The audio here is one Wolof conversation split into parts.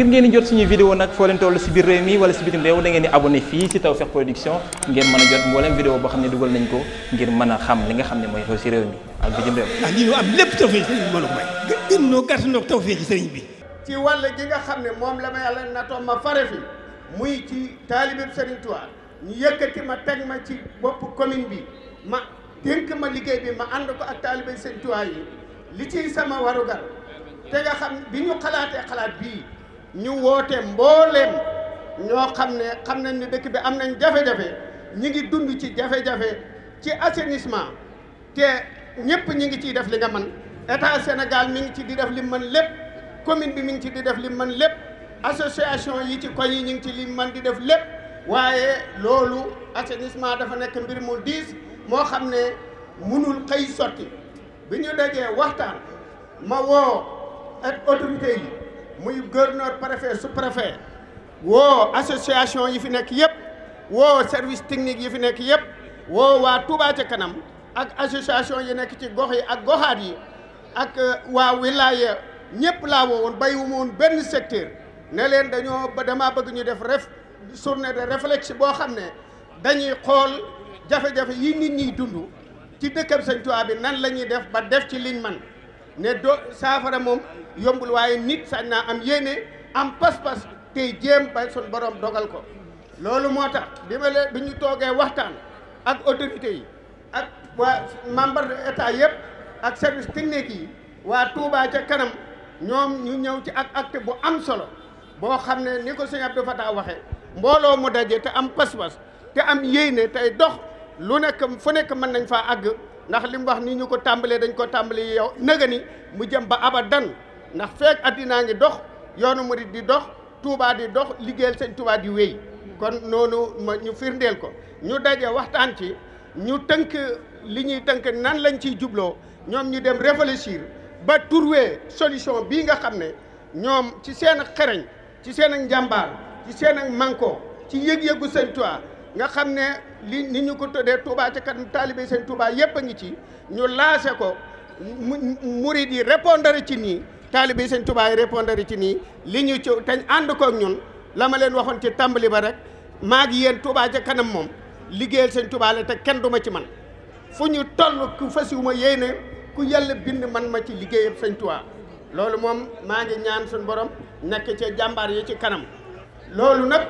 ngir ngeen di jot suñuy vidéo nag foo leen toll si biir réew mi wala si bitim réew da ngeen di abonné fii si Tawfekh Production ngeen mën a jot mboolem vidéo boo xam ne dugal nañ ko ngir mën a xam li nga xam ne mooy xew si réew mi ak bitim réew. ndax ah, lii ñu am lépp Tawfekh sëriñ a may. gën noo gàtt noo Tawfekh sëriñ bi. ci wàll gi nga xam ne moom la ma yàlla natoo ma fare fi muy ci taalibe Sëriñ Tuubaa ñu yëkkati ma teg ma ci bopp commune bi ma dénk ma liggéey bi ma ànd ko ak taalibe Sëriñ li ci sama warugar te nga bi ñu xalaatee xalaat ñu woote mbooleem ñoo xam ne xam nañ ne dëkk bi am nañ jafe-jafe ñi ngi dund ci jafe-jafe ci assainissement te ñëpp ñi ngi ciy def li nga mën état Sénégal mi ngi ci di def li mën lépp commune bi mi ngi ci di def li mën lépp association yi ci koñ yi ñu ngi ci li mën di def lépp waaye loolu assainissement dafa nekk mbir mu diis moo xam ne mënul xëy sotti bi ñu dajee waxtaan ma woo ak autorité yi muy gouverneur préfet sous préfet woo association yi fi nekk yëpp woo service technique yi fi nekk yëpp woo waa Touba ca kanam ak association yi nekk ci gox yi ak goxaat yi ak euh, waa wilaya ñëpp laa woo woon béyu woon benn secteur ne leen dañoo ba damaa bëgg ñu def ref journée de réflexion boo xam ne dañuy xool jafe-jafe yi nit ñiy dund ci dëkkam Sëñ Tuubaa bi nan la ñuy def ba def ci liñ man ne do saafara moom yombul waaye nit sañ naa am yéene am pas-pas tey jéem ba sun borom dogal ko loolu moo tax bi ma leen bi ñu toogee waxtaan ak autorités yi ak waa membre de état yëpp ak service technique yi waa Touba ca kanam ñoom ñu ñëw ci ak acte bu am solo boo xam ne ni ko sëñ fa Fatah waxee mbooloo mu daje te am pas-pas te am yéene tey dox lu nekk fu nekk mën nañ faa àgg ndax li mu wax nii ñu ko tàmbalee dañ ko tàmbali yow nëga mu jëm ba abadan ndax feek addinaa ngi dox yoonu murid di dox Touba di dox liggéeyal sëñ Touba di wéy kon noonu ma ñu firndeel ko ñu daje waxtaan ci ñu tënk li ñuy tënk nan lañ ciy jubloo ñoom ñu dem réfléchir ba trouver solution bii nga xam ne ñoom ci seen xereñ ci seen njàmbaar ci seen ak manko ci yëg-yëgu sëñ Touba nga xam ne li ni ñu ko tuddee Touba ca kanam taalibe seen Touba yëpp a ngi ci ñu laase ko mu murid yi répondre ci nii taalibe seen Touba yi répondre ci nii li ñu ci tañ ànd kook ñun la ma leen waxoon ci tàmbali ba rek maa ngi yéen Touba ca kanam moom liggéeyal seen Touba te kenn duma ci man fu ñu toll ku fasiwuma yéene ku yàlla bind man ma ci liggéeyam sëñ Touba loolu moom maa ngi ñaan suñu borom nekk ci jàmbaar yi ci kanam loolu nag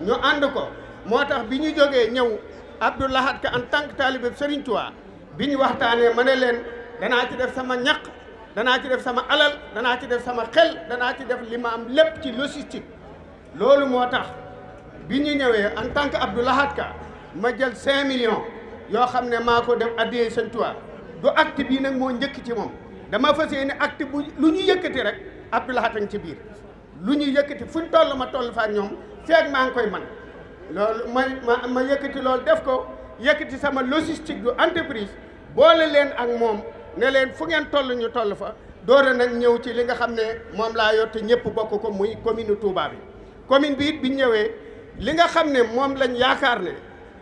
ñu ànd ko moo tax bi ñu jógee ñëw Abdou Lahad Ka en tànk que taalibe Serigne bi ñu waxtaanee ma ne leen danaa ci def sama ñaq danaa ci def sama alal danaa ci def sama xel danaa ci def li ma am lépp ci logistique. loolu moo tax bi ñu ñëwee en tant que Abdou Lahad Ka ma jël 5 millions yoo xam ne maa ko def addiyee Serigne du acte bii nag moo njëkk ci moom dama fas yéene acte bu lu ñu yëkkati rek Abdou Lahad ci biir lu ñu yëkkati fu ñu toll ma toll fa ñoom feeg maa ngi koy man loolu ma ma ma yëkkati loolu def ko yëkkati sama logistique du entreprise boole leen ak moom ne leen fu ngeen toll ñu toll fa doore nañ ñëw ci li nga xam ne moom laa yor te ñëpp bokk ko muy commune Touba bi commune bi it bi ñëwee li nga xam ne moom lañ yaakaar ne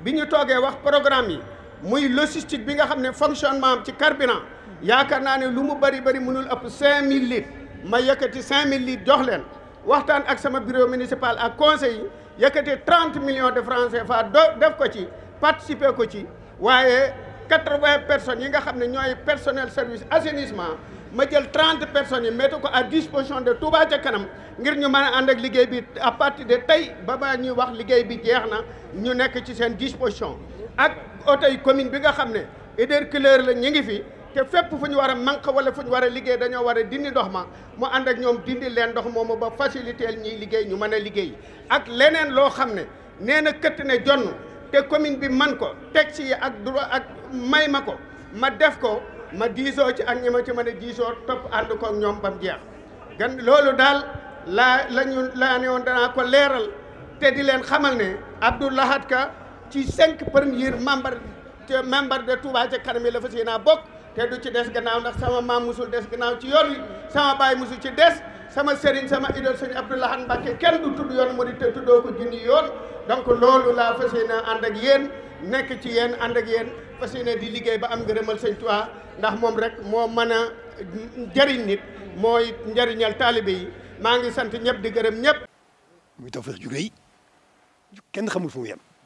bi ñu toogee wax programme yi muy logistique bi nga xam ne fonctionnement am ci carburant yaakaar naa ne lu mu bari bari munul ëpp 5000 litres ma yëkkati 5000 litres jox leen waxtaan ak sama bureau municipal ak conseil yi yëkkati trente million de francs CFA def ko ci participer ko ci waaye 80 personnes yi nga xam ne ñooy personnel service assainissement ma jël 30 personnes yi mettre ko à disposition de Touba ca kanam ngir ñu mën a ànd ak liggéey bi à parti de tey ba ba ñuy wax liggéey bi jeex na ñu nekk ci seen disposition ak oto commune bi nga xam ne Eder Couleur la ñu ngi fi. te fépp fu ñu war a manque wala fu ñu war liggéey dañoo war a dindi ndox ma mu ànd ak ñoom dindi leen ndox moomu ba faciliteel ñiy liggéey ñu mën a liggéey ak leneen loo xam ne nee na këtt ne jonn te commune bi man ko teg si ak droit ak may ma ko ma def ko ma diisoo ci ak ñi ma ci mën a diisoo topp ànd ko ñoom ba mu jeex gan loolu daal laa la ñu laa ne woon danaa ko leeral te di leen xamal ne Abdou Lahad Ka ci cinq premiers membres te membre de Touba ca kanam yi la fas yéenaa bokk te du ci des gannaaw ndax sama maam musul des gannaaw ci yoon wi sama baay musul ci des sama sëriñ sama idol sëriñ Abdoulahan Mbacke kenn du tudd yoon mu di te tuddoo ko junni yoon donc loolu laa fas yéene ànd ak yéen nekk ci yéen ànd ak yéen fas yéene di liggéey ba am ngërëmal sëñ Tuubaa ndax moom rek moo mën a njëriñ nit mooy njëriñal taalibe yi maa ngi sant ñëpp di gërëm ñëpp. muy Tawfekh ju rëy kenn xamul fu yem